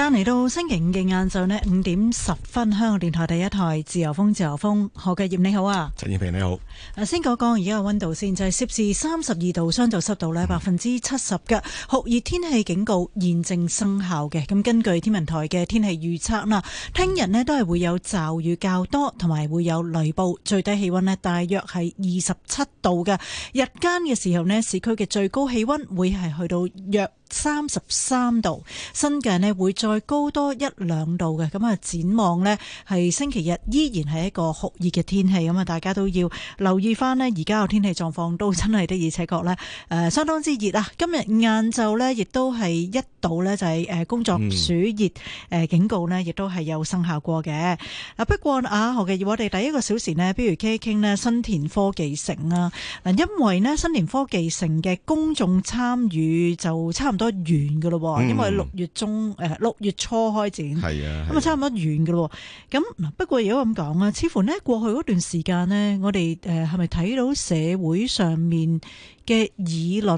嚟到星期五嘅晏晝咧，五點十分，香港電台第一台自由風，自由風，何繼業你好啊，陳燕萍你好。先講講而家嘅溫度先，就係攝氏三十二度，相對濕度咧百分之七十嘅酷熱天氣警告現正生效嘅。咁根據天文台嘅天氣預測啦，聽日咧都係會有驟雨較多，同埋會有雷暴。最低氣溫咧大約係二十七度嘅，日間嘅時候咧，市區嘅最高氣溫會係去到約。三十三度，新界呢，會再高多一兩度嘅，咁啊展望呢，係星期日依然係一個酷熱嘅天氣，咁啊大家都要留意翻呢，而家嘅天氣狀況都真係的而且確呢，誒相當之熱啊！今日晏晝呢，亦都係一度呢，就係誒工作暑熱誒、嗯、警告呢，亦都係有生效過嘅。啊不過啊何嘅，我哋第一個小時呢，不如傾一傾呢新田科技城啊。嗱，因為呢新田科技城嘅公眾參與就差。唔多完嘅咯，因為六月中誒六、嗯啊、月初開展，咁啊就差唔多完嘅咯。咁不過如果咁講啊，似乎咧過去嗰段時間咧，我哋誒係咪睇到社會上面嘅議論？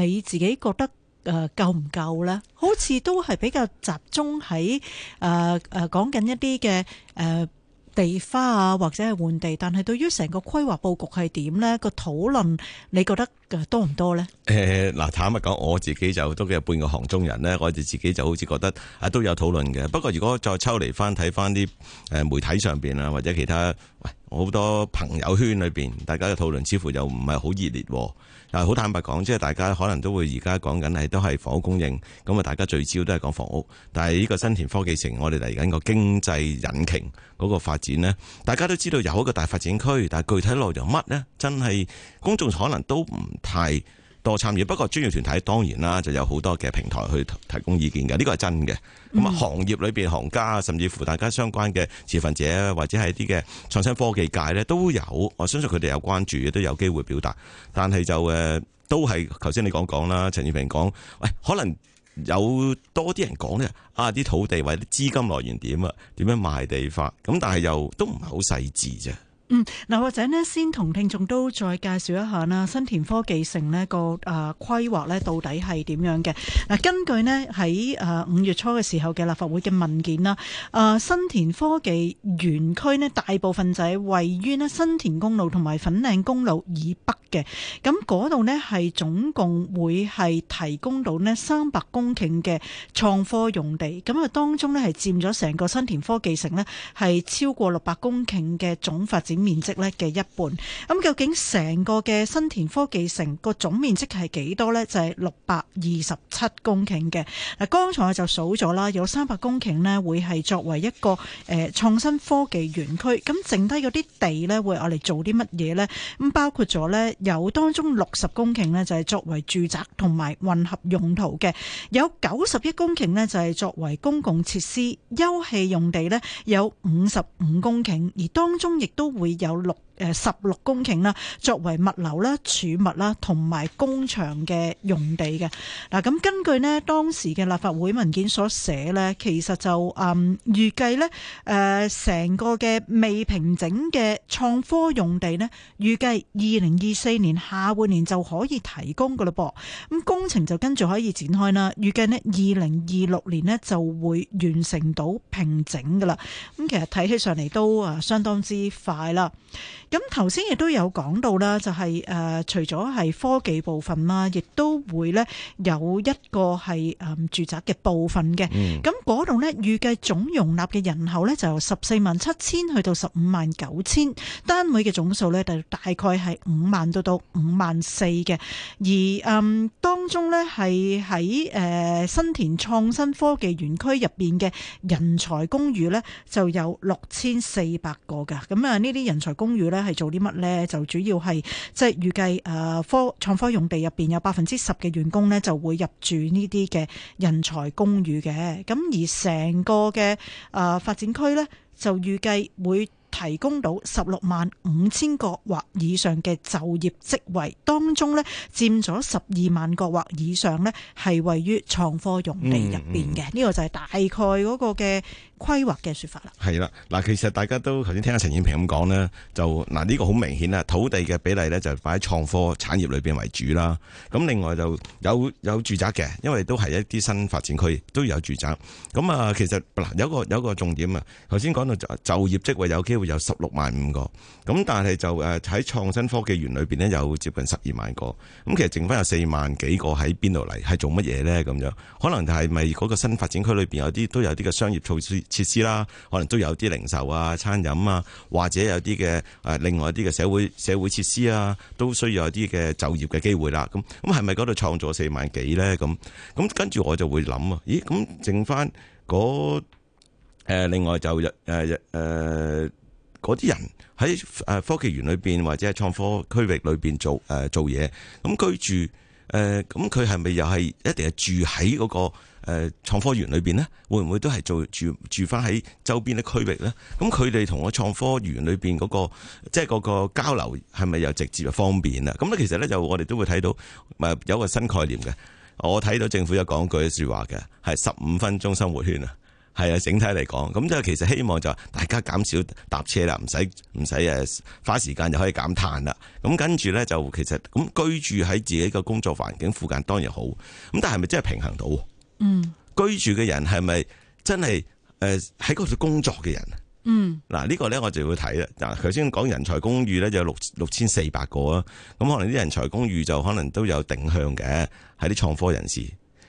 你自己覺得誒、呃、夠唔夠咧？好似都係比較集中喺誒誒講緊一啲嘅誒。呃地花啊，或者係換地，但係對於成個規劃佈局係點呢？個討論，你覺得多唔多呢？誒，嗱，坦白講，我自己就都幾有半個行中人呢。我哋自己就好似覺得啊都有討論嘅。不過如果再抽離翻睇翻啲誒媒體上邊啊，或者其他喂好多朋友圈裏邊，大家嘅討論似乎又唔係好熱烈。好坦白講，即係大家可能都會而家講緊係都係房屋供應，咁啊大家聚焦都係講房屋，但係呢個新田科技城，我哋嚟緊個經濟引擎嗰個發展呢，大家都知道有一個大發展區，但係具體內容乜呢？真係公眾可能都唔太。多參與，不過專業團體當然啦，就有好多嘅平台去提供意見嘅，呢個係真嘅。咁啊，行業裏面行家，甚至乎大家相關嘅持份者，或者係啲嘅創新科技界呢，都有我相信佢哋有關注嘅，亦都有機會表達。但係就誒，都係頭先你講講啦，陳澤斌講，喂，可能有多啲人講呢，啊，啲土地或者資金來源點啊，點樣賣地法咁，但係又都唔係好細緻啫。嗯，嗱，或者咧，先同聽眾都再介紹一下啦，新田科技城咧個誒規劃咧到底係點樣嘅？嗱，根據咧喺誒五月初嘅時候嘅立法會嘅文件啦，啊新田科技園區咧大部分就係位於咧新田公路同埋粉嶺公路以北嘅，咁嗰度咧係總共會係提供到咧三百公頃嘅創科用地，咁啊當中咧係佔咗成個新田科技城咧係超過六百公頃嘅總發展。面積咧嘅一半，咁究竟成個嘅新田科技城個總面積係幾多咧？就係六百二十七公頃嘅。嗱，剛才我就數咗啦，有三百公頃咧會係作為一個誒創新科技園區，咁剩低嗰啲地咧會我嚟做啲乜嘢咧？咁包括咗咧，有當中六十公頃咧就係作為住宅同埋混合用途嘅，有九十一公頃咧就係作為公共設施、休憩用地咧，有五十五公頃，而當中亦都會。有六。誒，十六公頃啦，作為物流啦、儲物啦同埋工場嘅用地嘅。嗱，咁根據呢當時嘅立法會文件所寫呢，其實就嗯預計呢誒成個嘅未平整嘅創科用地呢，預計二零二四年下半年就可以提供噶喇噃。咁工程就跟住可以展開啦，預計呢二零二六年呢就會完成到平整噶啦。咁其實睇起上嚟都啊相當之快啦。咁頭先亦都有講到啦，就係、是、誒、呃、除咗係科技部分啦，亦都會咧有一個係誒、呃、住宅嘅部分嘅。咁嗰度咧預計總容納嘅人口咧就由十四萬七千去到十五萬九千，單位嘅總數咧就大概係五萬到到五萬四嘅。而、呃、嗯當中咧係喺誒新田創新科技園區入邊嘅人才公寓咧就有六千四百個嘅。咁啊，呢啲人才公寓咧～係做啲乜呢？就主要係即係預計誒，科、就、創、是呃、科用地入邊有百分之十嘅員工咧，就會入住呢啲嘅人才公寓嘅。咁而成個嘅誒、呃、發展區呢，就預計會提供到十六萬五千個或以上嘅就業職位，當中咧佔咗十二萬個或以上呢，係位於創科用地入邊嘅。呢、嗯嗯、個就係大概嗰個嘅。規劃嘅說法啦，係啦，嗱，其實大家都頭先聽阿陳燕平咁講咧，就嗱呢個好明顯啦。土地嘅比例咧就擺喺創科產業裏邊為主啦。咁另外就有有住宅嘅，因為都係一啲新發展區都有住宅。咁啊，其實嗱有個有個重點啊，頭先講到就就業職位有機會有十六萬五個，咁但係就誒喺創新科技園裏邊咧有接近十二萬個，咁其實剩翻有四萬幾個喺邊度嚟，係做乜嘢咧？咁樣可能係咪嗰個新發展區裏邊有啲都有啲嘅商業措施？設施啦，可能都有啲零售啊、餐飲啊，或者有啲嘅誒，另外啲嘅社會社會設施啊，都需要有啲嘅就業嘅機會啦。咁咁係咪嗰度創造四萬幾咧？咁咁跟住我就會諗啊，咦？咁剩翻嗰、嗰個呃、另外就誒誒嗰啲人喺誒科技園裏邊或者係創科區域裏邊做誒、呃、做嘢，咁居住誒咁佢係咪又係一定係住喺嗰、嗰個？誒創科園裏面呢會唔會都係住住住翻喺周邊嘅區域呢？咁佢哋同個創科園裏面嗰個，即係嗰個交流係咪又直接又方便啊？咁咧其實呢，就我哋都會睇到，咪有個新概念嘅。我睇到政府有講句説話嘅，係十五分鐘生活圈啊，係啊，整體嚟講，咁即係其實希望就大家減少搭車啦，唔使唔使誒花時間就可以減碳啦。咁跟住呢，就其實咁居住喺自己嘅工作環境附近當然好，咁但係咪真係平衡到？嗯，居住嘅人係咪真係誒喺嗰度工作嘅人？嗯，嗱呢個咧我就要睇啦。嗱，頭先講人才公寓咧就有六六千四百個啊。咁可能啲人才公寓就可能都有定向嘅，係啲創科人士。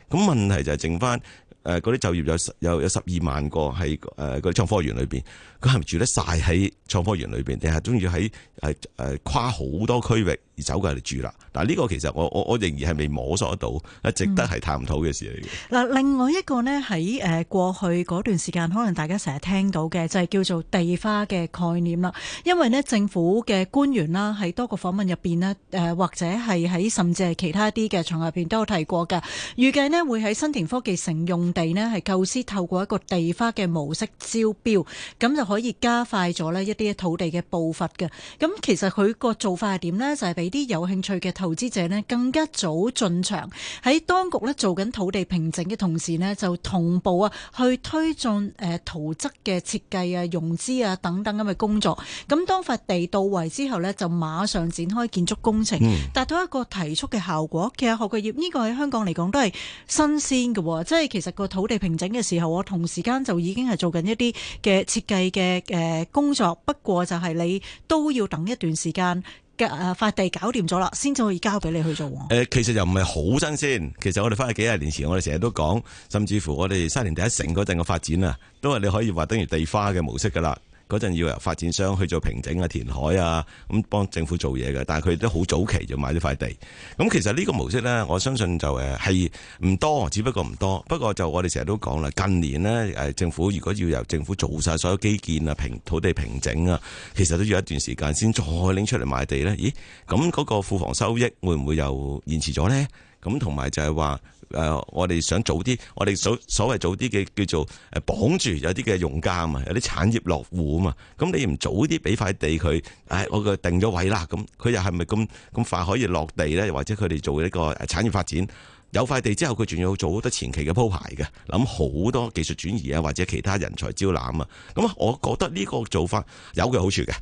咁問題就係剩翻誒嗰啲就業有有有十二萬個喺誒嗰啲創科園裏邊。佢係咪住得晒喺創科園裏邊，定係中意喺誒誒跨好多區域而走過嚟住啦？嗱，呢個其實我我我仍然係未摸索得到，一值得係探討嘅事嚟嘅。嗱、嗯，另外一個呢，喺誒過去嗰段時間，可能大家成日聽到嘅就係、是、叫做地花嘅概念啦。因為咧政府嘅官員啦，喺多個訪問入邊呢，誒或者係喺甚至係其他啲嘅場合入邊都有提過㗎。預計呢，會喺新田科技城用地呢，係構思透過一個地花嘅模式招標，咁就。可以加快咗咧一啲土地嘅步伐嘅，咁其實佢個做法係點咧？就係俾啲有興趣嘅投資者咧更加早進場，喺當局咧做緊土地平整嘅同時咧，就同步啊去推進誒圖則嘅設計啊、融資啊等等咁嘅工作。咁當塊地到位之後咧，就馬上展開建築工程，達、嗯、到一個提速嘅效果。其實學業個業呢個喺香港嚟講都係新鮮嘅，即係其實個土地平整嘅時候，我同時間就已經係做緊一啲嘅設計嘅。嘅誒工作，不過就係你都要等一段時間嘅誒，塊地搞掂咗啦，先至可以交俾你去做。誒，其實又唔係好新鮮，其實我哋翻去幾廿年前，我哋成日都講，甚至乎我哋沙田第一城嗰陣嘅發展啊，都係你可以話等於地花嘅模式噶啦。嗰陣要由發展商去做平整啊、填海啊，咁幫政府做嘢嘅。但係佢哋都好早期就買咗塊地。咁其實呢個模式呢，我相信就誒係唔多，只不過唔多。不過就我哋成日都講啦，近年呢，誒政府如果要由政府做晒所有基建啊、平土地平整啊，其實都要一段時間先再拎出嚟賣地呢。咦？咁、那、嗰個庫房收益會唔會又延遲咗呢？咁同埋就係話誒，我哋想早啲，我哋所所謂早啲嘅叫做誒，綁住有啲嘅用家啊嘛，有啲產業落戶啊嘛。咁你唔早啲俾塊地佢，哎，我個定咗位啦，咁佢又係咪咁咁快可以落地咧？或者佢哋做呢個產業發展有塊地之後，佢仲要做好多前期嘅鋪排嘅，諗好多技術轉移啊，或者其他人才招攬啊。咁我覺得呢個做法有嘅好處嘅。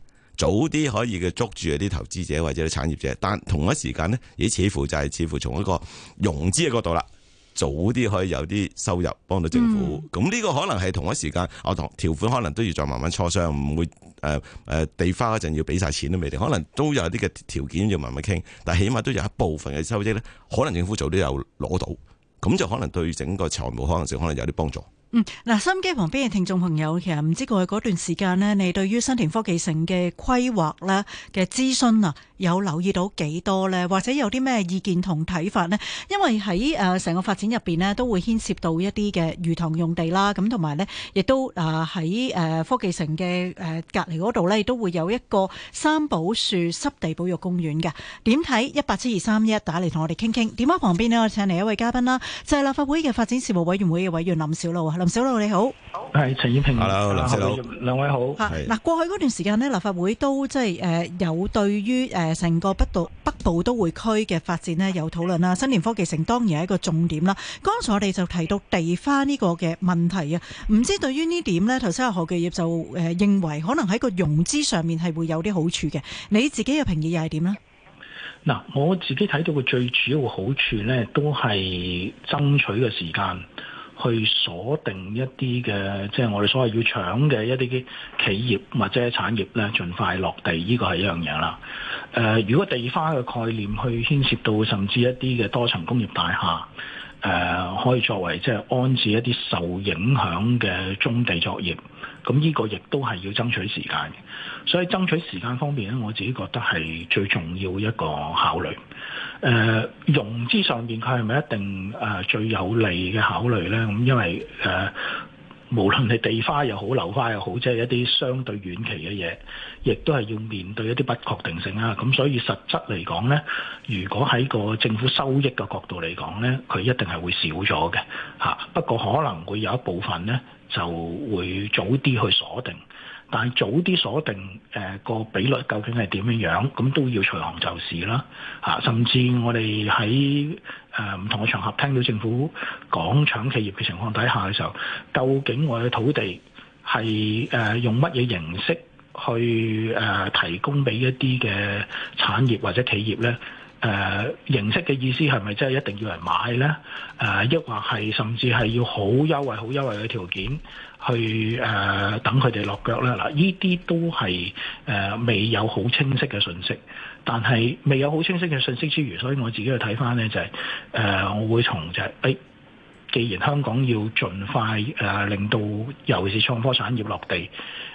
早啲可以嘅捉住啲投資者或者啲產業者，但同一時間呢，而似乎就係似乎從一個融資嘅角度啦，早啲可以有啲收入幫到政府。咁呢、嗯、個可能係同一時間，我同條款可能都要再慢慢磋商，唔會、呃、地花嗰陣要俾晒錢都未定，可能都有啲嘅條件要慢慢傾。但起碼都有一部分嘅收益呢，可能政府早啲有攞到，咁就可能對整個財務可能性可能有啲幫助。嗯，嗱，收音機旁邊嘅聽眾朋友，其實唔知過去嗰段時間咧，你對於新田科技城嘅規劃啦嘅諮詢啊，有留意到幾多咧？或者有啲咩意見同睇法咧？因為喺誒成個發展入邊咧，都會牽涉到一啲嘅魚塘用地啦，咁同埋咧，亦都啊喺誒科技城嘅誒隔籬嗰度咧，呃、都會有一個三寶樹濕地保育公園嘅。點睇？一八七二三一打嚟，同我哋傾傾。電話旁邊咧，我請嚟一位嘉賓啦，就係、是、立法會嘅發展事務委員會嘅委員林筱魯啊。林筱魯你好，係陳燕平，hello 林筱魯，兩位好。嗱、uh, 是，過去嗰段時間呢，立法會都即係誒有對於誒成個北道北部都會區嘅發展呢，有討論啦。新田科技城當然係一個重點啦。剛才我哋就提到地翻呢個嘅問題啊，唔知道對於呢點呢，頭先阿何巨業就誒認為可能喺個融資上面係會有啲好處嘅。你自己嘅評議又係點呢？嗱，我自己睇到嘅最主要嘅好處呢，都係爭取嘅時間。去鎖定一啲嘅，即、就、係、是、我哋所謂要搶嘅一啲企業或者產業咧，儘快落地，呢個係一樣嘢啦。誒、呃，如果地花嘅概念去牽涉到，甚至一啲嘅多層工業大廈，誒、呃、可以作為即係安置一啲受影響嘅棕地作業。咁呢個亦都係要爭取時間嘅，所以爭取時間方面咧，我自己覺得係最重要一個考慮。呃、融資上面，佢係咪一定、呃、最有利嘅考慮呢？咁因為、呃、無論係地花又好、樓花又好，即係一啲相對遠期嘅嘢，亦都係要面對一啲不確定性啊。咁所以實質嚟講呢，如果喺個政府收益嘅角度嚟講呢，佢一定係會少咗嘅嚇。不過可能會有一部分呢。就會早啲去鎖定，但係早啲鎖定，個、呃、比率究竟係點樣樣，咁都要隨行就市啦、啊，甚至我哋喺唔同嘅場合聽到政府講搶企業嘅情況底下嘅時候，究竟我嘅土地係、呃、用乜嘢形式去、呃、提供俾一啲嘅產業或者企業咧？誒、呃、形式嘅意思係咪真係一定要嚟買呢？誒、呃、抑或係甚至係要好優惠、好優惠嘅條件去誒、呃、等佢哋落腳咧？嗱，呢啲都係誒未有好清晰嘅信息，但係未有好清晰嘅信息之餘，所以我自己去睇翻呢，就係、是、誒、呃，我會從就係、是、誒、哎，既然香港要盡快誒、呃、令到尤其是創科產業落地誒嘅、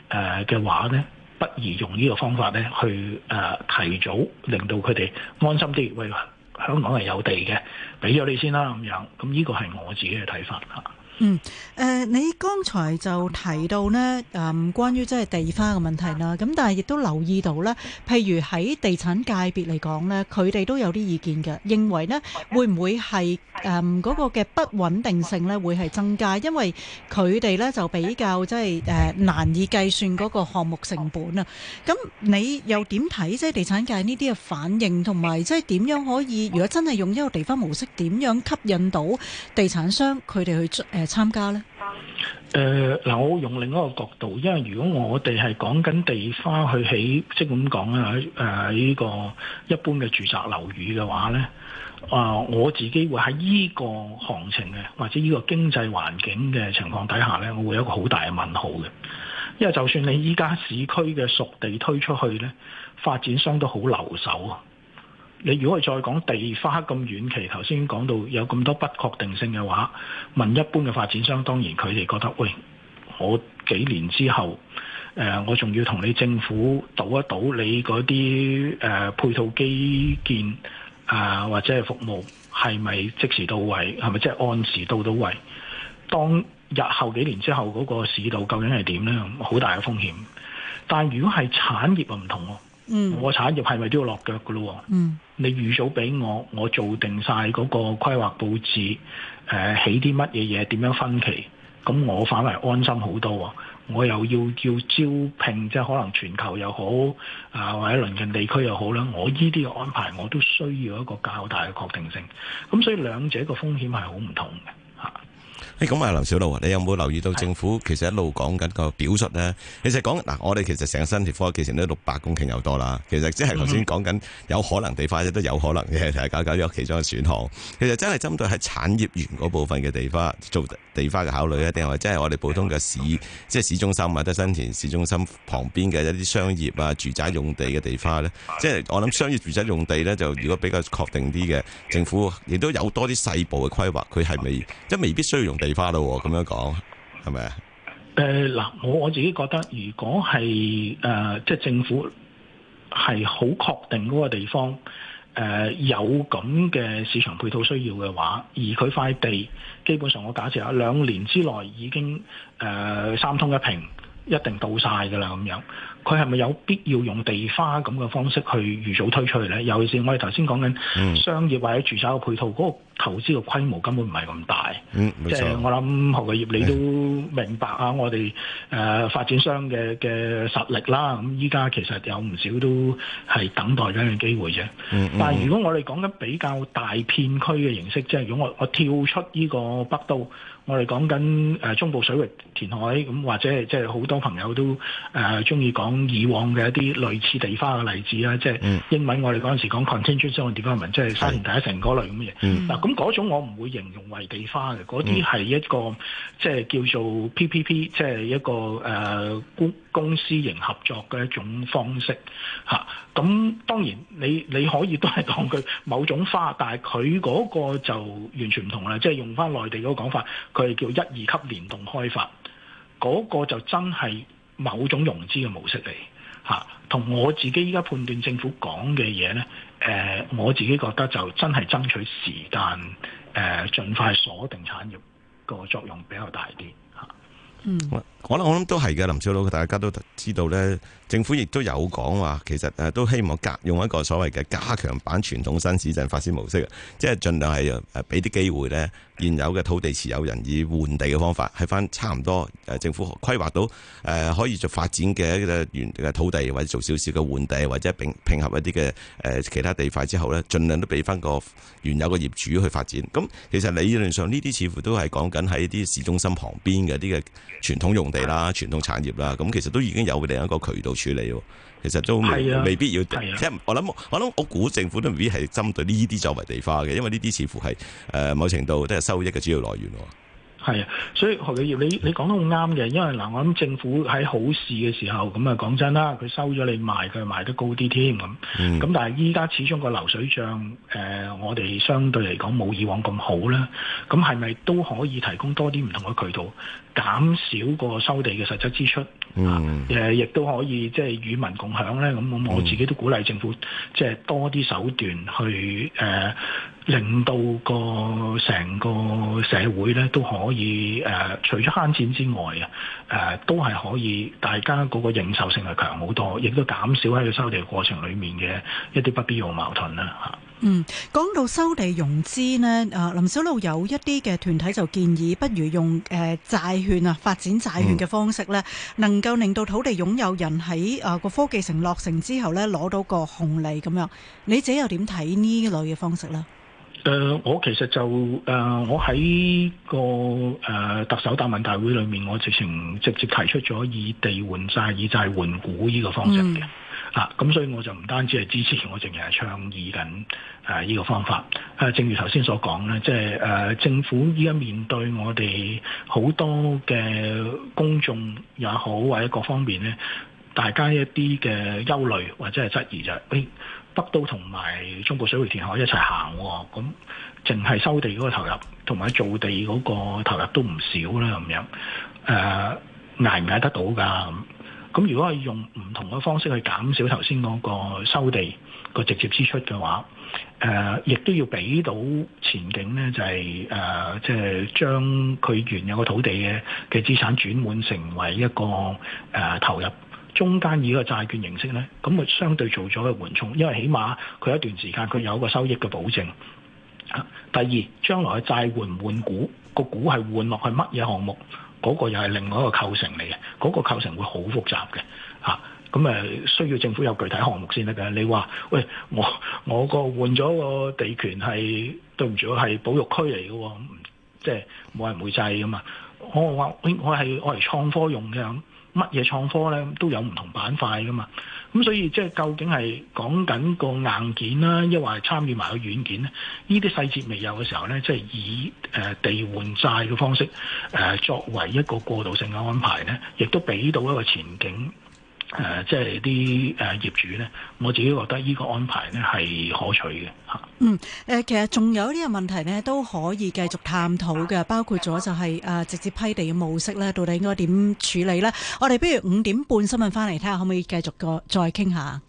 呃、話呢。不宜用呢個方法咧，去誒提早令到佢哋安心啲。喂，香港係有地嘅，俾咗你先啦，咁樣。咁呢個係我自己嘅睇法吓。嗯，誒、呃，你剛才就提到咧，誒、嗯，關於即係地花嘅問題啦，咁但係亦都留意到咧，譬如喺地產界別嚟講咧，佢哋都有啲意見嘅，認為咧，會唔會係誒嗰個嘅不穩定性咧會係增加，因為佢哋咧就比較即係誒難以計算嗰個項目成本啊。咁你又點睇即係地產界呢啲嘅反應同埋即係點樣可以？如果真係用一個地方模式，點樣吸引到地產商佢哋去誒。呃加咧？嗱、呃，我用另一個角度，因為如果我哋係講緊地方去起，即係咁講啦，呢、呃呢個一般嘅住宅樓宇嘅話咧，啊、呃，我自己會喺呢個行情嘅，或者呢個經濟環境嘅情況底下咧，我會有一個好大嘅問號嘅。因為就算你依家市區嘅熟地推出去咧，發展商都好留守啊。你如果係再講地花咁遠期，頭先講到有咁多不確定性嘅話，問一般嘅發展商，當然佢哋覺得，喂，我幾年之後，呃、我仲要同你政府賭一賭你，你嗰啲配套基建啊、呃，或者係服務係咪即時到位，係咪即係按時到到位？當日後幾年之後嗰個市道究竟係點呢？好大嘅風險。但如果係產業啊，唔同喎。嗯，我產業係咪都要落腳噶咯？嗯，你預早俾我，我做定晒嗰個規劃布置，誒、呃，起啲乜嘢嘢，點樣分期？咁我反為安心好多。我又要叫招聘，即係可能全球又好啊、呃，或者鄰近地區又好啦。我呢啲嘅安排，我都需要一個較大嘅確定性。咁所以兩者嘅風險係好唔同嘅吓。咁啊，林筱魯啊，你有冇留意到政府其實一路講緊個表述咧是的？其實講嗱，我哋其實成個新田科技城其實都六百公頃又多啦。其實即係頭先講緊有可能地塊嘅，亦都有可能嘅，就係搞搞啲其中嘅選項。其實真係針對喺產業園嗰部分嘅地方做地方嘅考慮啊，定係話即係我哋普通嘅市，Okay. 即係市中心或者新田市中心旁邊嘅一啲商業啊、住宅用地嘅地方咧？即係 Okay. 我諗商業住宅用地咧，就如果比較確定啲嘅，政府亦都有多啲細部嘅規劃，佢係未即係未必需要用地。未花到，咁樣講係咪啊？誒，嗱、呃，我我自己覺得，如果係誒、呃，即係政府係好確定嗰個地方誒、呃、有咁嘅市場配套需要嘅話，而佢塊地基本上我假設下，兩年之內已經誒、呃、三通一平。一定到晒㗎啦，咁樣佢係咪有必要用地花咁嘅方式去預早推出去呢？尤其是我哋頭先講緊商業或者住宅嘅配套，嗰、嗯、個投資嘅規模根本唔係咁大。嗯，即係我諗學業業你都明白啊，我，我哋誒發展商嘅嘅實力啦。咁依家其實有唔少都係等待緊嘅機會啫。嗯嗯。但係如果我哋講緊比較大片區嘅形式，即係如果我我跳出呢個北都。我哋講緊中部水域填海咁，或者即係好多朋友都誒中意講以往嘅一啲類似地花嘅例子啊，即、就、係、是、英文我哋嗰陣時講 contention 地花文，即係沙田第一城嗰類咁嘅嘢。嗱、嗯，咁嗰種我唔會形容為地花嘅，嗰啲係一個即係、就是、叫做 PPP，即係一個公、呃、公私營合作嘅一種方式咁、啊、當然你你可以都係當佢某種花，但係佢嗰個就完全唔同啦，即、就、係、是、用翻內地嗰個講法。佢叫一、二級聯動開發，嗰個就真係某種融資嘅模式嚟嚇。同我自己依家判斷政府講嘅嘢呢，誒，我自己覺得就真係爭取時間，誒，儘快鎖定產業個作用比較大啲嚇。嗯，我我諗我諗都係嘅，林筱魯，大家都知道呢。政府亦都有講話，其實誒都希望用一個所謂嘅加強版傳統新市鎮發展模式，即係盡量係誒俾啲機會呢現有嘅土地持有人以換地嘅方法，係翻差唔多誒政府規劃到誒可以做發展嘅一啲原嘅土地，或者做少少嘅換地，或者拼拼合一啲嘅誒其他地塊之後呢，盡量都俾翻個原有嘅業主去發展。咁其實理論上呢啲似乎都係講緊喺啲市中心旁邊嘅啲嘅傳統用地啦、傳統產業啦，咁其實都已經有另一個渠道。處理，其實都未、啊、未必要。即係、啊、我諗，我諗，我估政府都未必係針對呢啲作為地化嘅，因為呢啲似乎係誒、呃，某程度都係收益嘅主要來源。係啊，所以何啟業，你你講得好啱嘅，因為嗱，我諗政府喺好事嘅時候，咁啊講真啦，佢收咗你賣，佢賣得高啲添。咁咁，但係依家始終個流水賬，誒、呃，我哋相對嚟講冇以往咁好啦。咁係咪都可以提供多啲唔同嘅渠道？減少個收地嘅實質支出，誒亦、嗯啊、都可以即係、就是、與民共享咧。咁我我自己都鼓勵政府即係、就是、多啲手段去誒、呃，令到個成個社會咧都可以誒、呃，除咗慳錢之外啊。誒、呃、都係可以，大家嗰個認受性係強好多，亦都減少喺個收地過程裏面嘅一啲不必要矛盾啦嗯，講到收地融資呢、呃、林筱魯有一啲嘅團體就建議，不如用誒、呃、債券啊，發展債券嘅方式呢、嗯、能夠令到土地擁有人喺誒個科技城落成之後呢攞到個紅利咁樣。你自己又點睇呢類嘅方式呢？誒、呃，我其實就誒、呃，我喺個誒、呃、特首答問大會裏面，我直情直接提出咗以地換債、以債換股呢個方式嘅。嗯、啊，咁所以我就唔單止係支持，我淨係倡議緊誒呢個方法。誒、呃，正如頭先所講咧，即係誒政府依家面對我哋好多嘅公眾也好，或者各方面咧，大家一啲嘅憂慮或者係質疑就是。哎北都同埋中部水域填海一齊行，咁淨係收地嗰個投入，同埋造地嗰個投入都唔少啦，咁樣誒、呃、捱唔捱得到㗎？咁如果係用唔同嘅方式去減少頭先嗰個收地個直接支出嘅話，誒、呃、亦都要俾到前景咧，就係誒即係將佢原有嘅土地嘅嘅資產轉換成為一個誒、呃、投入。中間以個債券形式呢，咁咪相對做咗個緩衝，因為起碼佢一段時間佢有一個收益嘅保證、啊。第二，將來嘅債換唔換股，個股係換落去乜嘢項目，嗰、嗰個又係另外一個構成嚟嘅，嗰、嗰個構成會好複雜嘅。嚇、啊，咁、啊、需要政府有具體項目先得嘅。你話喂，我我個換咗個地權係，對唔住，係保育區嚟嘅，即係冇人會制㗎嘛。我話我係我係創科用嘅。乜嘢創科咧，都有唔同板塊噶嘛，咁所以即係究竟係講緊個硬件啦，抑或係參與埋個軟件咧，呢啲細節未有嘅時候咧，即係以誒、呃、地換債嘅方式誒、呃、作為一個過渡性嘅安排咧，亦都俾到一個前景。誒、呃，即係啲誒業主咧，我自己覺得呢個安排呢係可取嘅吓。嗯、呃，其實仲有啲嘅問題呢都可以繼續探討嘅，包括咗就係、是、誒、呃、直接批地嘅模式咧，到底應該點處理咧？我哋不如五點半新聞翻嚟睇下，看看可唔可以繼續個再傾下？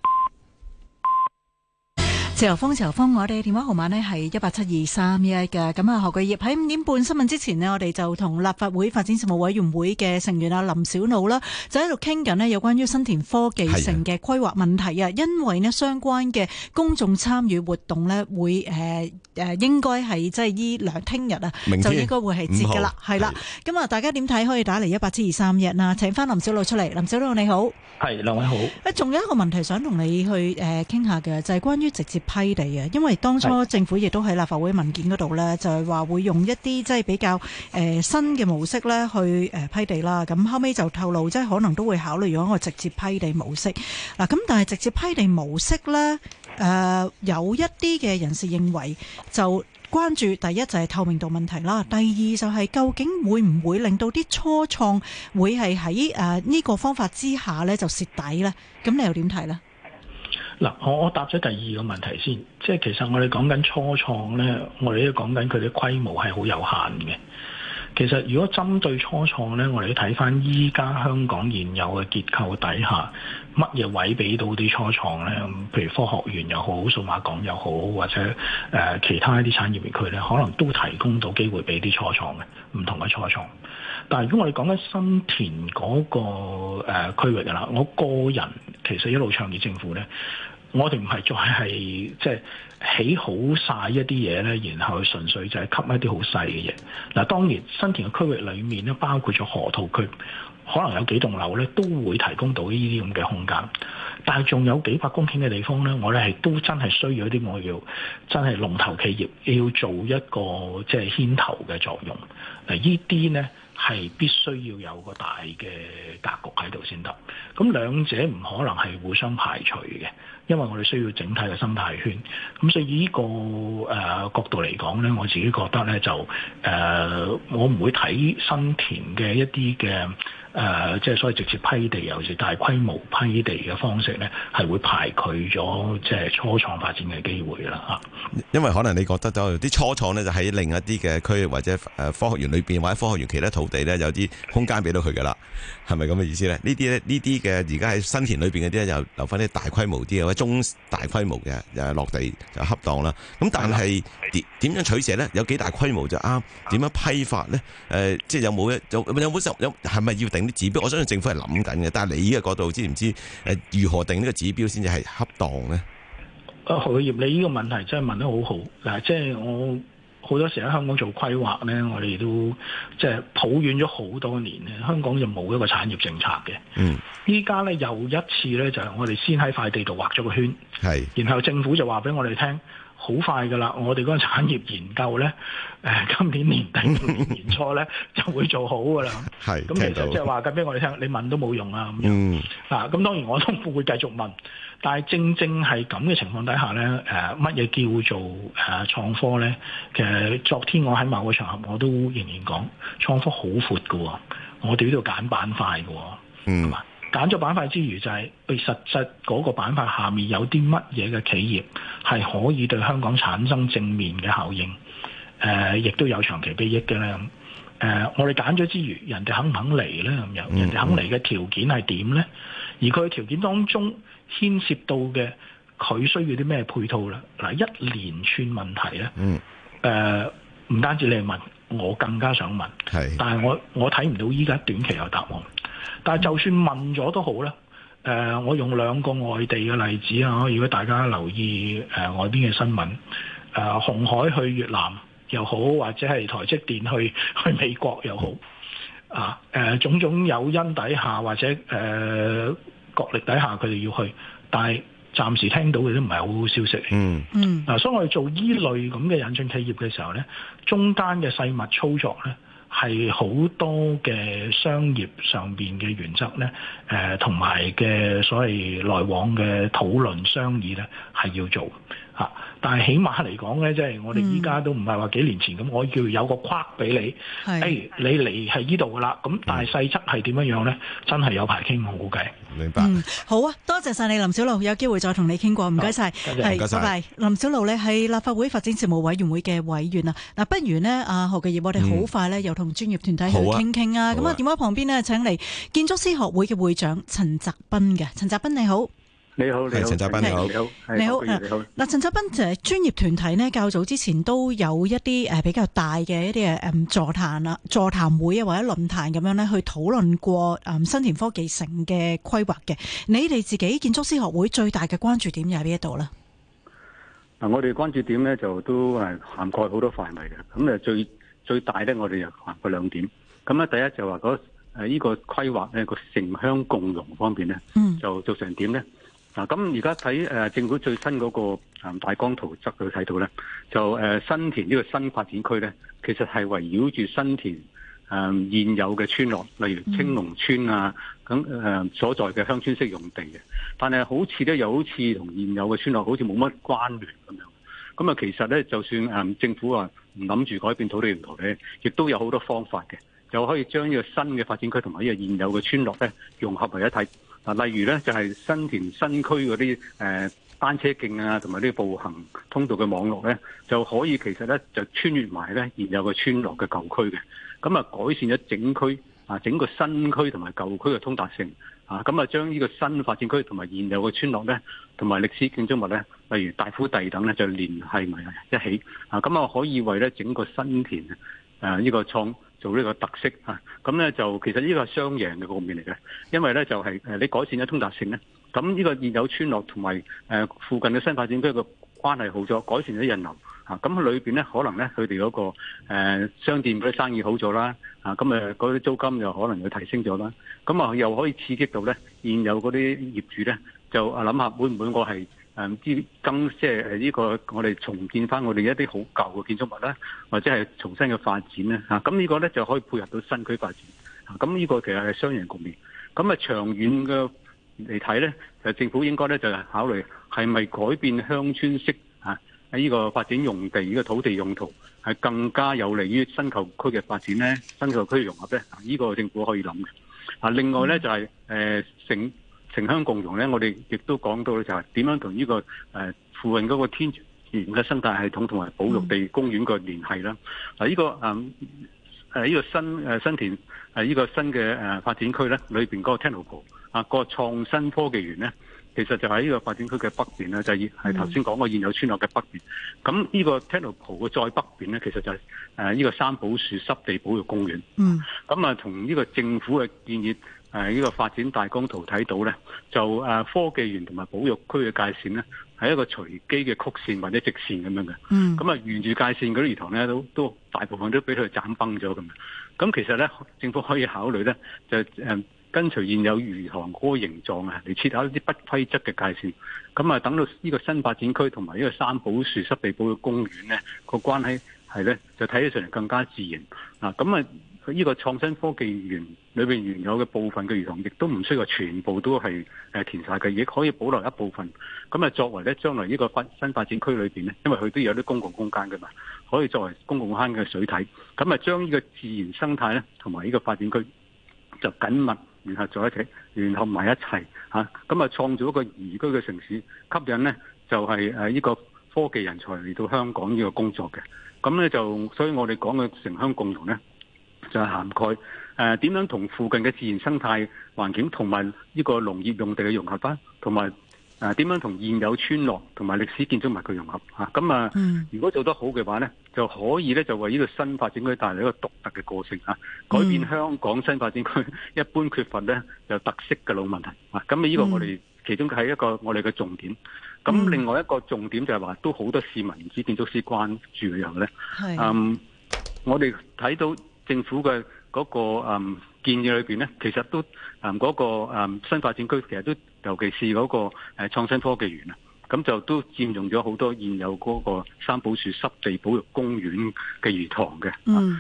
自由風，自由風，我哋電話號碼呢係一八七二三一嘅。咁啊，何桂葉喺五點半新聞之前呢，我哋就同立法會發展事務委員會嘅成員啊林筱魯、啦，就喺度傾緊呢有關於新田科技城嘅規劃問題啊。的因為呢相關嘅公眾參與活動呢，會誒。呃誒應該係即係依兩聽日啊，就應該會係截噶啦，係啦。咁啊，大家點睇？可以打嚟一八七二三一啦。請翻林筱魯出嚟。林筱魯你好，係兩位好。誒，仲有一個問題想同你去誒傾下嘅，就係關於直接批地嘅。因為當初政府亦都喺立法會文件嗰度咧，就係話會用一啲即係比較誒新嘅模式咧，去誒批地啦。咁後尾就透露，即係可能都會考慮一個直接批地模式。嗱，咁但係直接批地模式咧。誒、呃、有一啲嘅人士認為，就關注第一就係透明度問題啦，第二就係究竟會唔會令到啲初創會係喺誒呢個方法之下呢就蝕底呢？咁你又點睇呢？嗱，我我答咗第二個問題先，即係其實我哋講緊初創呢，我哋都講緊佢啲規模係好有限嘅。其實如果針對初創呢，我哋要睇翻依家香港現有嘅結構底下，乜嘢位俾到啲初創呢、嗯？譬如科學園又好、數碼港又好，或者、呃、其他一啲產業園區呢，可能都提供到機會俾啲初創嘅唔同嘅初創。但係如果我哋講緊新田嗰、嗰個、呃、區域嘅啦，我個人其實一路倡議政府呢，我哋唔係再係即係起好晒一啲嘢呢，然後純粹就係吸一啲好細嘅嘢。嗱、呃，當然新田嘅區域裏面呢，包括咗河套區。可能有幾棟樓咧，都會提供到呢啲咁嘅空間。但係仲有幾百公頃嘅地方咧，我哋係都真係需要一啲我要真係龍頭企業要做一個即係牽頭嘅作用。呢啲咧係必須要有個大嘅格局喺度先得。咁兩者唔可能係互相排除嘅，因為我哋需要整體嘅生態圈。咁所以呢個、呃、角度嚟講咧，我自己覺得咧就、呃、我唔會睇新田嘅一啲嘅。誒、呃，即係所以直接批地，尤其是大規模批地嘅方式咧，係會排除咗即係初創發展嘅機會啦嚇。因為可能你覺得都啲初創咧，就喺另一啲嘅區域或者誒科學園裏邊，或者科學園其他土地咧，有啲空間俾到佢噶啦，係咪咁嘅意思咧？這些呢啲咧，呢啲嘅而家喺新田裏邊嗰啲咧，又留翻啲大規模啲嘅或者中大規模嘅誒落地就恰當啦。咁但係點點樣取捨咧？有幾大規模就啱，點樣批發咧？誒、呃，即係有冇咧？有冇有冇有係咪要頂？啲指標，我相信政府係諗緊嘅，但係你呢個角度知唔知誒如何定呢個指標先至係恰當咧？阿何、啊、業，你呢個問題真係問得好好嗱，即、啊、係、就是、我好多時喺香港做規劃咧，我哋都即係、就是、抱怨咗好多年咧，香港就冇一個產業政策嘅。嗯，依家咧又一次咧，就係、是、我哋先喺塊地度畫咗個圈，係是，然後政府就話俾我哋聽。好快噶啦！我哋嗰個產業研究呢，呃、今年年底年、年初呢 就會做好噶啦。咁 其實即係話，咁俾我哋聽，你問都冇用啊咁樣嗱，咁、嗯啊、當然我都會繼續問，但係正正係咁嘅情況底下呢，乜、呃、嘢叫做、呃、創科呢？其實昨天我喺某個場合我都仍然講，創科好闊噶，我哋呢度揀板塊噶。嗯。係嘛？揀咗板塊之餘，就是，就係佢實質嗰個板塊下面有啲乜嘢嘅企業係可以對香港產生正面嘅效應，誒、呃，亦都有長期裨益嘅咧。誒、呃，我哋揀咗之餘，人哋肯唔肯嚟咧？咁樣，人哋肯嚟嘅條件係點咧？而佢嘅條件當中牽涉到嘅，佢需要啲咩配套咧？嗱，一連串問題咧。嗯。誒、呃。唔單止你問，我更加想問。但係我我睇唔到依家短期有答案。但係就算問咗都好啦、呃。我用兩個外地嘅例子啊！如果大家留意、呃、外邊嘅新聞，鴻、呃、海去越南又好，或者係台積電去去美國又好，啊誒、呃，種種誘因底下或者誒、呃、國力底下佢哋要去，但係。暫時聽到嘅都唔係好好消息。嗯嗯，嗱、啊，所以我哋做依類咁嘅引進企業嘅時候咧，中間嘅細密操作咧。係好多嘅商業上邊嘅原則咧，誒同埋嘅所謂來往嘅討論商議咧，係要做嚇、啊。但係起碼嚟講咧，即、就、係、是、我哋依家都唔係話幾年前咁，嗯、我要有個框俾你，誒是、哎、你嚟係呢度㗎啦。咁但係細則係點樣樣咧？真係有排傾，我估計。明白、嗯。好啊，多謝晒你，林筱魯，有機會再同你傾過，唔該晒，唔該曬。林筱魯咧，係立法會發展事務委員會嘅委員不呢啊。嗱，不如咧，阿何繼業，我哋好快咧又。嗯同專業團體去傾傾啊！咁啊，電話旁邊呢請嚟建築師學會嘅會長陳澤斌嘅。陳澤斌你好，你好，係陳澤斌你好，你好，嗱陳澤斌就係專業團體呢，較早之前都有一啲誒比較大嘅一啲誒嗯座談啊、座談會啊，或者論壇咁樣呢去討論過誒新田科技城嘅規劃嘅。你哋自己建築師學會最大嘅關注點又喺邊一度呢？嗱，我哋關注點呢就都係涵蓋好多範圍嘅，咁誒最。最大咧，我哋又行過兩點。咁咧，第一就話嗰誒呢個規劃咧，個城鄉共融方面咧，就做成點咧？啊，咁而家睇誒政府最新嗰個大綱圖則，去睇到咧，就誒新田呢個新發展區咧，其實係圍繞住新田誒現有嘅村落，例如青龍村啊，咁誒所在嘅鄉村式用地嘅。但係好似咧，又好似同現有嘅村落好似冇乜關聯咁樣咁啊，其實咧，就算誒政府話，唔諗住改變土地用途咧，亦都有好多方法嘅，就可以將呢個新嘅發展區同埋呢個現有嘅村落咧融合為一體。嗱，例如咧就係新田新區嗰啲誒單車徑啊，同埋啲步行通道嘅網絡咧，就可以其實咧就穿越埋咧現有嘅村落嘅舊區嘅，咁啊改善咗整區啊整個新區同埋舊區嘅通達性。啊，咁啊，將呢個新發展區同埋現有嘅村落咧，同埋歷史建築物咧，例如大夫第等咧，就聯繫埋一起。啊，咁啊，可以為咧整個新田啊，誒呢個創造呢個特色啊。咁咧就其實呢個係雙贏嘅局面嚟嘅，因為咧就係、誒、你改善咗通達性咧，咁呢個現有村落同埋、啊、附近嘅新發展區嘅。關係好咗，改善咗人流嚇，咁喺裏邊咧，可能咧佢哋嗰個、呃、商店嗰啲生意好咗啦，嚇咁誒啲租金又可能又提升咗啦，咁啊又可以刺激到咧現有嗰啲業主咧，就啊諗下會唔會，我係誒唔知更即係誒呢個我哋重建翻我哋一啲好舊嘅建築物啦，或者係重新嘅發展咧嚇，咁、啊、呢個咧就可以配合到新區發展，咁、啊、呢個其實係雙贏局面。咁啊長遠嘅。嚟睇咧，就是、政府應該咧就係考慮係咪改變鄉村式啊喺呢、這個發展用地呢、這個土地用途係更加有利於新舊區嘅發展咧，新舊區嘅融合咧，呢、這個政府可以諗嘅。啊，另外咧就係、是、誒、呃、城城鄉共融咧，我哋亦都講到咧、這個，就係點樣同呢個誒附近嗰個天然嘅生態系統同埋保育地公園嘅聯繫啦。呢、啊這個誒呢、呃這個新新田。係呢、啊這個新嘅誒發展區咧，裏邊嗰個 Technopole 啊，個、啊、創新科技園咧，其實就喺呢個發展區嘅北邊咧，就係頭先講個現有村落嘅北邊。咁呢個 Technopole 嘅再北邊咧，其實就係誒呢個三寶樹濕地保育公園。嗯。咁啊，同呢個政府嘅建議誒呢、啊這個發展大綱圖睇到咧，就誒、啊、科技園同埋保育區嘅界線咧，係一個隨機嘅曲線或者直線咁樣嘅。嗯。咁啊，沿住界線嗰啲魚塘咧，都都大部分都俾佢斬崩咗咁嘅。咁其實咧，政府可以考慮咧，就誒跟隨現有魚塘嗰個形狀啊，嚟設立一啲不規則嘅界線。咁啊，等到呢個新發展區同埋呢個三寶樹濕地堡嘅公園咧個關係係咧，就睇起上嚟更加自然啊！咁啊～呢個創新科技園裏邊原有嘅部分嘅魚塘，亦都唔需要全部都係誒填晒嘅，亦可以保留一部分。咁啊，作為咧將來呢個新發展區裏邊咧，因為佢都有啲公共空間嘅嘛，可以作為公共坑嘅水體。咁啊，將呢個自然生態咧，同埋呢個發展區就緊密聯合在一起，聯合埋一齊嚇。咁啊，創造一個宜居嘅城市，吸引咧就係誒呢個科技人才嚟到香港呢個工作嘅。咁咧就，所以我哋講嘅城鄉共融咧。涵蓋，誒、啊、點樣同附近嘅自然生態環境同埋呢個農業用地嘅融合返，同埋誒點樣同現有村落同埋歷史建築物嘅融合嚇。咁啊，啊嗯、如果做得好嘅話呢就可以呢就為呢個新發展區帶嚟一個獨特嘅個性嚇、啊，改變香港新發展區、嗯、 一般缺乏呢有特色嘅老問題嚇。咁、啊、呢個我哋、嗯、其中係一個我哋嘅重點。咁、啊、另外一個重點就係話，都好多市民唔知建築師關注嘅有咧。係的、嗯，我哋睇到。政府嘅嗰個嗯建議裏邊咧，其實都嗯嗰個嗯新發展區其實都尤其是嗰個誒創新科技園啊，咁就都佔用咗好多現有嗰個三寶樹濕地保育公園嘅魚塘嘅，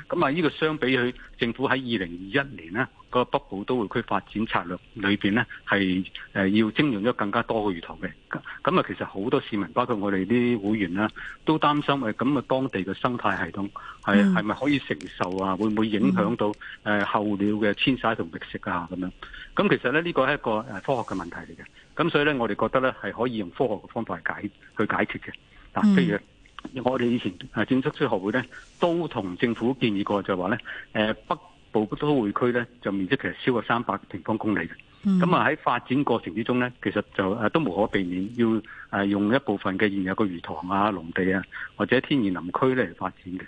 咁啊呢個相比佢政府喺二零二一年咧。個北部都會區發展策略裏邊咧，係誒要徵用咗更加多嘅魚塘嘅。咁咁啊，其實好多市民，包括我哋啲會員啦，都擔心誒，咁啊，當地嘅生態系統係係咪可以承受啊？會唔會影響到誒、嗯呃、候鳥嘅遷徙同覓食啊？咁樣咁其實咧，呢個係一個誒科學嘅問題嚟嘅。咁所以咧，我哋覺得咧係可以用科學嘅方法嚟解去解決嘅。嗱、啊，譬、嗯、如我哋以前誒建築師學會咧，都同政府建議過就，就係話咧誒北。北部都會區咧就面積其實超過三百平方公里嘅，咁啊喺發展過程之中咧，其實就誒都無可避免要誒用一部分嘅現有嘅魚塘啊、農地啊或者天然林區咧嚟發展嘅。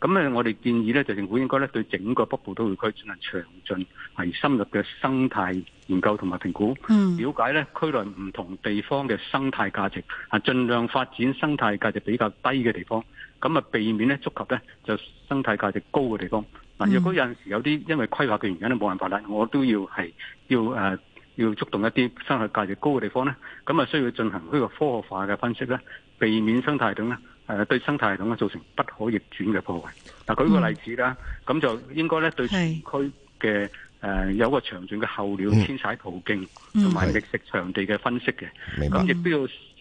咁咧我哋建議咧就政府應該咧對整個北部都會區進行詳盡係深入嘅生態研究同埋評估，了解咧區內唔同地方嘅生態價值，啊盡量發展生態價值比較低嘅地方。咁啊，避免咧觸及咧就生態價值高嘅地方。嗱、嗯，若果有陣時有啲因為規劃嘅原因咧冇辦法啦，我都要係要誒、呃、要觸動一啲生態價值高嘅地方咧，咁啊需要進行呢個科學化嘅分析咧，避免生態系統咧對生態系統咧造成不可逆轉嘅破壞。嗱，舉個例子啦，咁、嗯、就應該咧對全區嘅誒有個詳盡嘅候鳥遷徙途徑同埋覓食場地嘅分析嘅。明白。咁亦都要。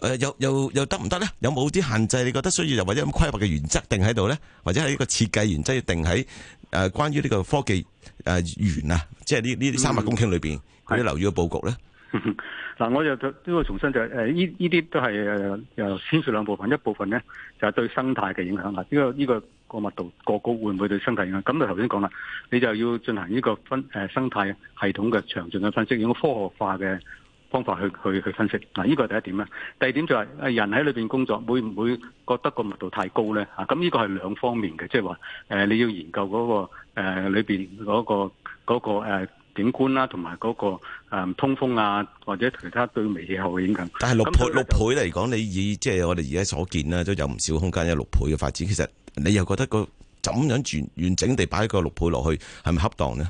誒、呃，又又又得唔得咧？有冇啲限制？你覺得需要又或者咁規劃嘅原則定喺度咧？或者係一個設計原則定喺誒、呃，關於呢個科技誒園、呃、啊，即係呢呢三百公頃裏邊嗰啲樓宇嘅布局咧？嗱是的，我 就呢個重新就誒，呢啲都係誒，先說兩部分，一部分咧就係對生態嘅影響啦。呢、這個呢、這個個密度過高會唔會對生態影響？咁啊，頭先講啦，你就要進行呢個分誒生態系統嘅詳盡嘅分析，用科學化嘅。方法去去去分析，嗱呢個第一點啦。第二點就係人喺裏邊工作，會唔會覺得個密度太高咧？嚇，咁呢個係兩方面嘅，即係話誒你要研究嗰、嗰個誒裏邊嗰個嗰、嗰個誒景觀啦，同埋嗰個誒、呃啊嗰個嗯、通風啊，或者其他對微氣候嘅影響。但係六倍樣六倍嚟講，你以即係我哋而家所見啦，都有唔少空間有六倍嘅發展。其實你又覺得個怎樣完完整地擺一個六倍落去係咪恰當咧？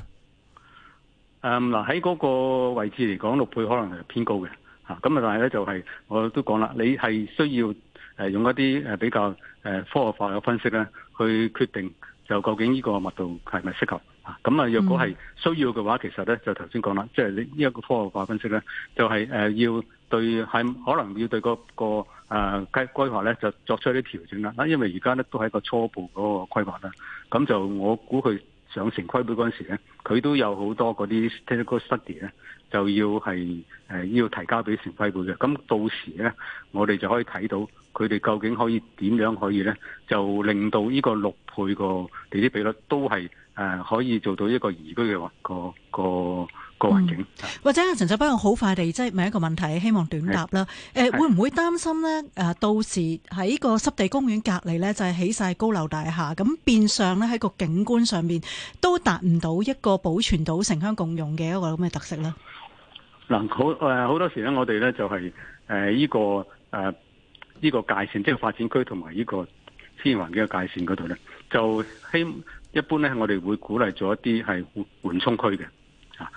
誒嗱喺嗰個位置嚟講，六倍可能係偏高嘅嚇。咁啊，但係咧就係、是、我都講啦，你係需要誒用一啲誒比較誒科學化嘅分析咧，去決定就究竟呢個密度係咪適合嚇。咁啊，啊，若果係需要嘅話，其實咧就頭先講啦，即係呢呢一個科學化分析咧，就係、是啊、要對係可能要對嗰、嗰個誒規、啊、規劃咧就作出一啲調整啦。嗱、啊，因為而家咧都係一個初步嗰個規劃啦，咁就我估佢。上城規會嗰陣時咧，佢都有好多嗰啲 technical study 咧，就要係誒要提交俾城規會嘅。咁到時咧，我哋就可以睇到佢哋究竟可以點樣可以咧，就令到呢個六倍個地積比率都係誒可以做到一個宜居嘅話個個。個個環境，嗯、是或者陳澤斌，我好快地即係問一個問題，希望短答啦。誒是、欸，會唔會擔心咧？誒是，到時喺個濕地公園隔籬咧，就係、是、起晒高樓大廈，咁變相咧喺個景觀上面都達唔到一個保存到城鄉共用嘅一個咁嘅特色咧？嗱、嗯，好誒，好、呃、多時咧、就是，我哋咧就係誒呢個誒、呃這個界線，即、就、係、是、發展區同埋呢個天然環境嘅界線嗰度咧，就希一般咧，我哋會鼓勵咗一啲係緩衝區嘅。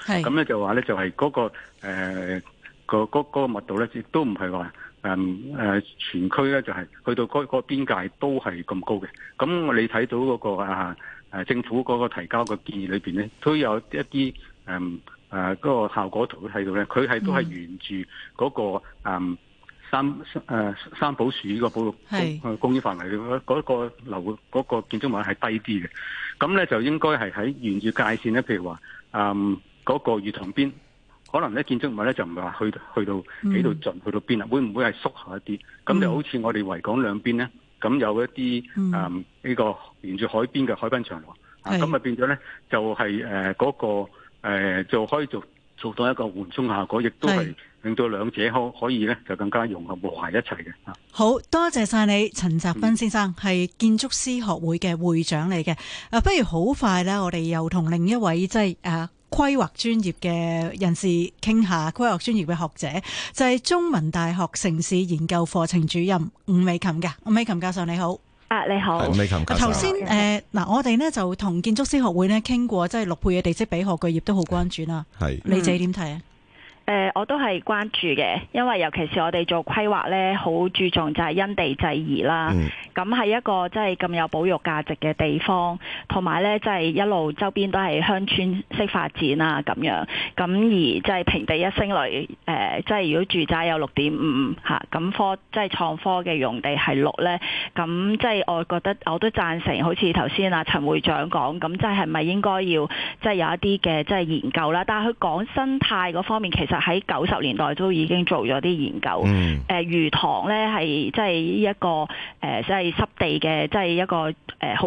咁咧是就話呢、那個，就係嗰個誒嗰嗰密度呢，亦都唔係話誒全區呢，就係、是、去到嗰、那個邊界都係咁高嘅。咁你睇到嗰、那個啊，啊政府嗰個提交嘅建議裏面呢，都有一啲誒嗰個效果圖喺度呢，佢係都係沿住嗰、那個誒、嗯、三誒、啊、三寶樹個保護公是公園範圍嘅嗰嗰個樓嗰、那個建築物係低啲嘅。咁呢，就應該係喺沿住界線呢，譬如話。嗯，嗰、那個魚塘邊，可能咧建築物咧就唔係話去去到幾度盡，去到，去到、嗯、去到邊啦，會唔會係縮下一啲？咁就好似我哋維港兩邊咧，咁有一啲嗯呢、嗯這個沿住海邊嘅海濱長廊，咁是啊變咗咧就係誒嗰個誒做、呃、可以做做到一個緩衝效果，亦都係。令到兩者可可以咧就更加融合磨合一齊嘅。好多謝晒你，陳澤斌先生係、嗯、建築師學會嘅會長嚟嘅。啊，不如好快咧，我哋又同另一位即係、就是、啊規劃專業嘅人士傾下，規劃專業嘅學者就係、是、中文大學城市研究課程主任伍美琴嘅。伍美琴教授你好。啊，你好。伍、啊、美琴教授。頭先誒嗱，我哋呢就同建築師學會咧傾過，即、就、係、是、六倍嘅地積比學巨業都好關注啦。係是。你自己點睇啊？嗯誒、呃，我都係關注嘅，因為尤其是我哋做規劃咧，好注重就係因地制宜啦。咁係、嗯、一個即係咁有保育價值嘅地方，同埋咧即係一路周邊都係鄉村式發展啊咁樣。咁而即係平地一聲雷誒，即係如果住宅有六點五嚇，咁科即係、就是、創科嘅用地係六咧，咁即係我覺得我都贊成，好似頭先阿陳會長講咁，即係係咪應該要即係、就是、有一啲嘅即係研究啦？但係佢講生態嗰方面其實。喺九十年代都已經做咗啲研究，誒、嗯啊、魚塘咧係即係一個誒即係濕地嘅，即係一個誒好、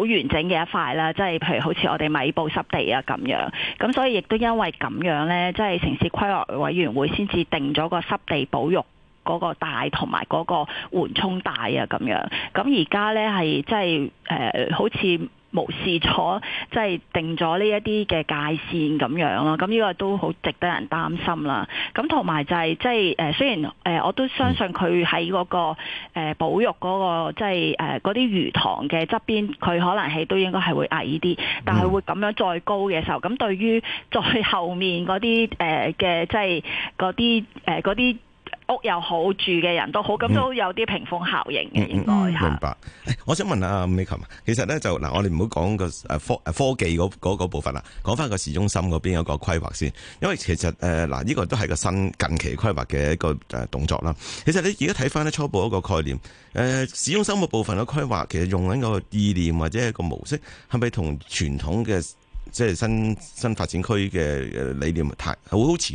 呃、完整嘅一塊啦。即係譬如好似我哋米埔濕地啊咁樣，咁所以亦都因為咁樣咧，即係城市規劃委員會先至定咗個濕地保育嗰個帶同埋嗰個緩衝帶啊咁樣。咁而家咧係即係誒好似。無視咗，即係定咗呢一啲嘅界線咁樣咯，咁呢個都好值得人擔心啦。咁同埋就係即係誒，雖然誒、呃、我都相信佢喺嗰個、呃、保育嗰個即係誒嗰啲魚塘嘅側邊，佢可能係都應該係會矮啲，但係會咁樣再高嘅時候，咁對於再後面嗰啲誒嘅即係啲誒嗰啲。呃屋又好住嘅人都好，咁都有啲屏風效應嘅，應該、嗯嗯嗯、明白。我想問吓阿美琴，其實咧就嗱，我哋唔好講個誒科科技嗰、嗰個嗰個部分啦，講翻個市中心嗰邊有個規劃先。因為其實誒嗱，呢、呃呢個都係個新近期規劃嘅一個誒動作啦。其實你而家睇翻咧初步一個概念，誒、呃、市中心嘅部分嘅規劃，其實用緊個意念或者一個模式，係咪同傳統嘅？即係新新發展區嘅誒理念，太好好似，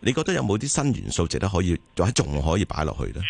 你覺得有冇啲新元素值得可以，或者仲可以擺落去呢？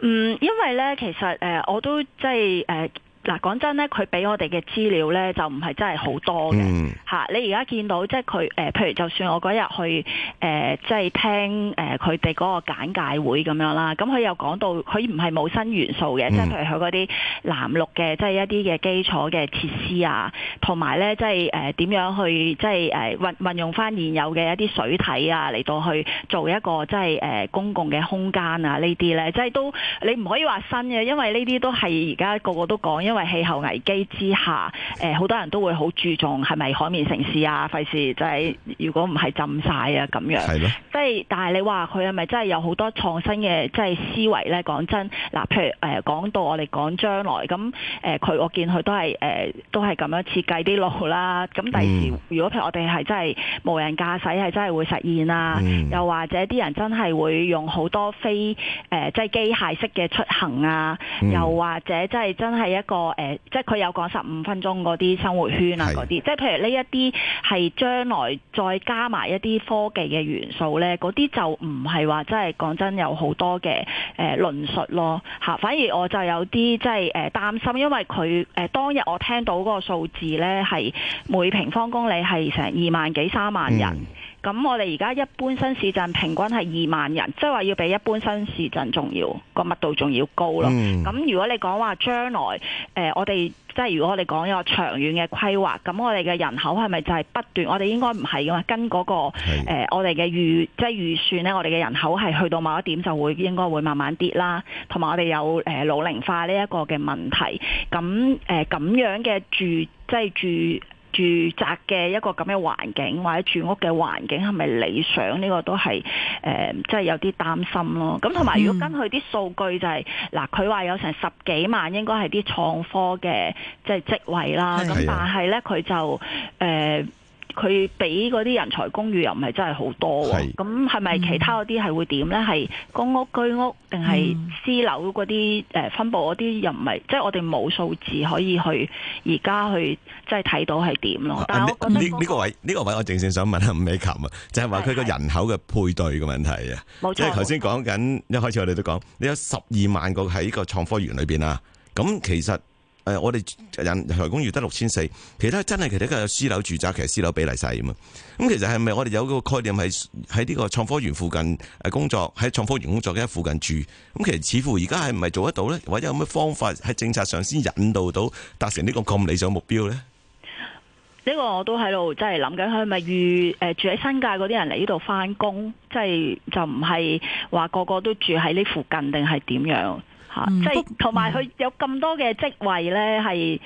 嗯，因為呢，其實誒、呃，我都即係誒。呃嗱，講真咧，佢俾我哋嘅資料咧，就唔係真係好多嘅、嗯啊、你而家見到即係佢譬如就算我嗰日去、呃、即係聽佢哋嗰個簡介會咁樣啦。咁佢又講到，佢唔係冇新元素嘅、嗯，即係譬如佢嗰啲藍綠嘅，即係一啲嘅基礎嘅設施啊，同埋咧，即係呃、點樣去即係運運用翻現有嘅一啲水體啊，嚟到去做一個即係公共嘅空間啊呢啲咧，即係都你唔可以話新嘅，因為呢啲都係而家個個都講因。因為氣候危機之下，誒、呃、好多人都會好注重係咪海綿城市啊，費事就係、是、如果唔係浸晒啊咁樣。係咯的。即係但係你話佢係咪真係有好多創新嘅即係思維咧？講真嗱，譬如誒講、呃、到我哋講將來咁，誒佢、呃、我見佢都係誒、呃、都係咁樣設計啲路啦。咁第二，嗯、如果譬如我哋係真係無人駕駛係真係會實現啊，嗯、又或者啲人真係會用好多非誒即係機械式嘅出行啊，又或者即係真係一個。誒，即係佢有講十五分鐘嗰啲生活圈啊，嗰啲是即係譬如呢一啲係將來再加埋一啲科技嘅元素咧，嗰啲就唔係話真係講真有好多嘅誒論述咯嚇。反而我就有啲即係誒擔心，因為佢誒當日我聽到個數字咧係每平方公里係成二萬幾三萬人。嗯咁我哋而家一般新市鎮平均係二萬人，即係話要比一般新市鎮仲要個密度仲要高咯。咁、嗯、如果你講話將來，誒、呃、我哋即係如果我哋講一個長遠嘅規劃，咁我哋嘅人口係咪就係不斷？我哋應該唔係噶嘛，跟嗰、嗰個誒我哋嘅預即係預算咧，我哋嘅人口係去到某一點就會應該會慢慢跌啦。同埋我哋有誒、呃、老齡化呢一個嘅問題，咁誒咁樣嘅住即係住。住宅嘅一個咁嘅環境，或者住屋嘅環境係咪理想？呢個都係誒，即、呃、係有啲擔心咯。咁同埋，如果根據啲數據就係、是，嗱，佢話有成十幾萬應該係啲創科嘅即係職位啦。咁但係呢，佢就誒。呃佢俾嗰啲人才公寓又唔係真係好多喎，咁係咪其他嗰啲係會點咧？係公屋居屋定係私樓嗰啲？誒，分布嗰啲又唔係，即係我哋冇數字可以去而家去即係睇到係點咯。但係我呢呢個位呢個位，我正正想問下伍美琴啊，就係話佢個人口嘅配對嘅問題啊，即係頭先講緊一開始我哋都講，你有十二萬個喺個創科園裏邊啊，咁其實。誒、嗯，我哋人台工月得六千四，其他真係其他嘅私樓住宅，其實是私樓比例細啊嘛。咁其實係咪我哋有一個概念係喺呢個創科園附近誒工作，喺創科園工作嘅附近住？咁其實似乎而家係唔係做得到咧？或者有咩方法喺政策上先引導到達成呢個咁理想的目標咧？呢個我都喺度真係諗緊，佢係咪預誒住喺新界嗰啲人嚟呢度翻工？即係就唔係話個個都住喺呢附近定係點樣？即係同埋佢有咁多嘅職位咧，係。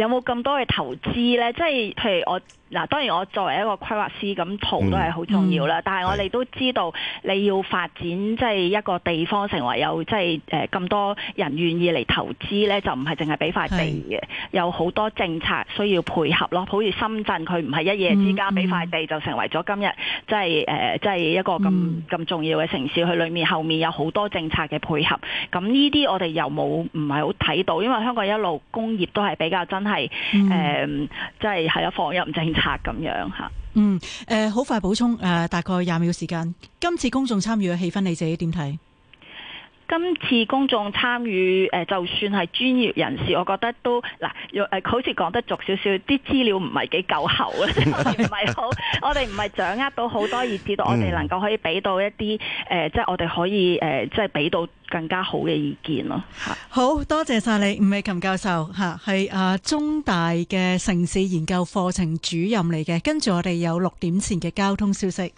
有冇咁多嘅投資咧？即係譬如我嗱，當然我作為一個規劃師咁圖都係好重要啦。嗯、但係我哋都知道，你要發展即係一個地方成為有即係誒咁多人願意嚟投資咧，就唔係淨係俾塊地嘅。是有好多政策需要配合咯。好似深圳佢唔係一夜之間俾塊地就成為咗今日即係誒即係一個咁咁重要嘅城市。佢裏面後面有好多政策嘅配合。咁呢啲我哋又冇唔係好睇到，因為香港一路工業都係比較真。係誒，即係係啊，放任政策咁樣吓。嗯，誒、嗯，好快補充誒，大概廿秒時間。今次公眾參與嘅氣氛，你自己點睇？今次公眾參與，呃、就算係專業人士，我覺得都嗱、呃，好似講得俗少少，啲資料唔係幾夠厚啊，當然唔係好，我哋唔係掌握到好多，以至到我哋能夠可以俾到一啲、呃，即係我哋可以，呃、即係俾到更加好嘅意見咯。啊、好多謝晒你，吳美琴教授吓，係啊中大嘅城市研究課程主任嚟嘅，跟住我哋有六點前嘅交通消息。